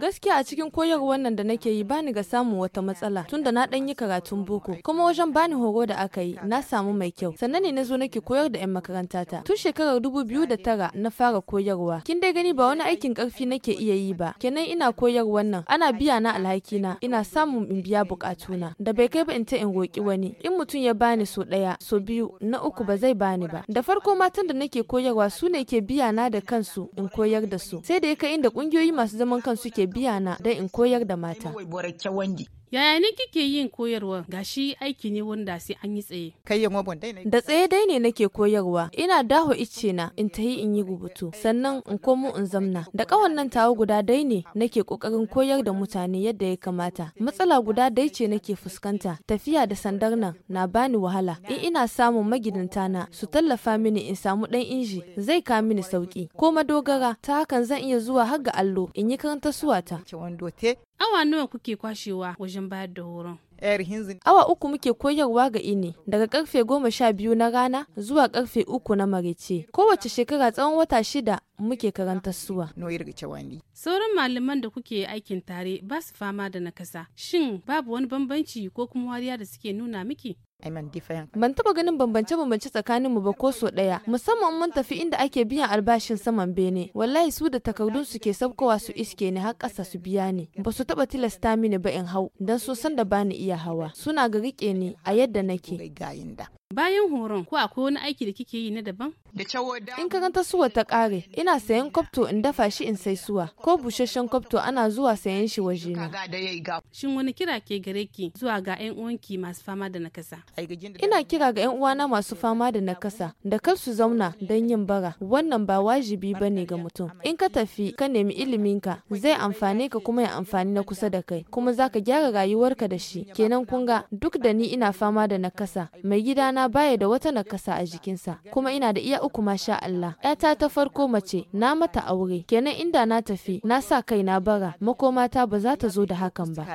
Gaskiya a cikin koyar wannan da nake yi bani ga samun wata matsala tunda na dan yi karatun boko kuma wajen bani horo da aka yi na samu mai kyau sannan ne nazo nake koyar da 'yan makaranta ta tun shekarar dubu biyu da tara na fara koyarwa kin dai gani ba wani aikin karfi nake iya yi ba kenan ina koyar wannan. ana biya na alhakina ina samun in biya bukatuna da bai kai ba in ta in roki wani in mutum ya bani so daya so biyu na uku ba zai bani ba da farko matan da nake koyarwa su ne ke biya na da kansu in koyar da su sai da ya kai inda kungiyoyi Ƙungiyoyi masu zaman kansu ke biya na don in koyar da mata. Yaya ne kike yin koyarwa gashi aiki ne wanda sai an yi tsaye? Da tsaye dai ne nake koyarwa, ina daho ice na in tahi in yi rubutu, sannan in komo in zamna. Da kawan nan tawo guda dai ne nake kokarin koyar da mutane yadda ya kamata. Matsala guda dai ce nake fuskanta, tafiya da sandar nan na bani wahala. In ina samun magidanta na su tallafa mini in samu dan inji, zai ka mini sauki. Ko madogara ta hakan zan iya zuwa har ga allo in yi karanta suwata. Awa nawa kuke kwashewa wajen bayar da horon? Awa uku muke koyarwa ga ini daga karfe goma sha biyu na rana zuwa karfe uku na marece. Kowace shekara tsawon wata shida muke karantar suwa. Sauran malaman da kuke aikin tare ba su fama da nakasa. Shin babu wani bambanci ko kuma wariya da suke nuna miki? Ban taba ganin bambance-bambance tsakanin mu ba ko so ɗaya, musamman mun tafi inda ake biyan albashin saman bene. Wallahi su da takardun su ke sabkowa su iske ni har ƙasa su biya ni. Ba su taba tilasta mini ba in hau, dan so san da bani iya hawa. Suna ga rike ni a yadda nake. Bayan horon ko akwai wani aiki da kike yi na daban? In ka ganta suwa ta kare, ina sayan kwabto in dafa shi in sai suwa, ko busasshen kwabto ana zuwa sayan shi waje na. Shin wani kira ke gare ki zuwa ga 'yan uwanki masu fama da nakasa? Ina kira ga 'yan uwana masu fama da nakasa da kar su zauna don yin bara, wannan ba wajibi ba ne ga mutum. In ka tafi ka nemi ilimin ka zai amfane ka kuma ya amfani na kusa da kai, kuma za ka gyara rayuwarka da shi. Kenan kunga, duk da ni ina fama da nakasa, mai gidana ɗana baya da wata nakasa a jikinsa kuma ina da iya uku masha Allah ‘yata ta farko mace na mata aure kenan inda na tafi na sa kai na bara makomata ba za ta zo da hakan ba.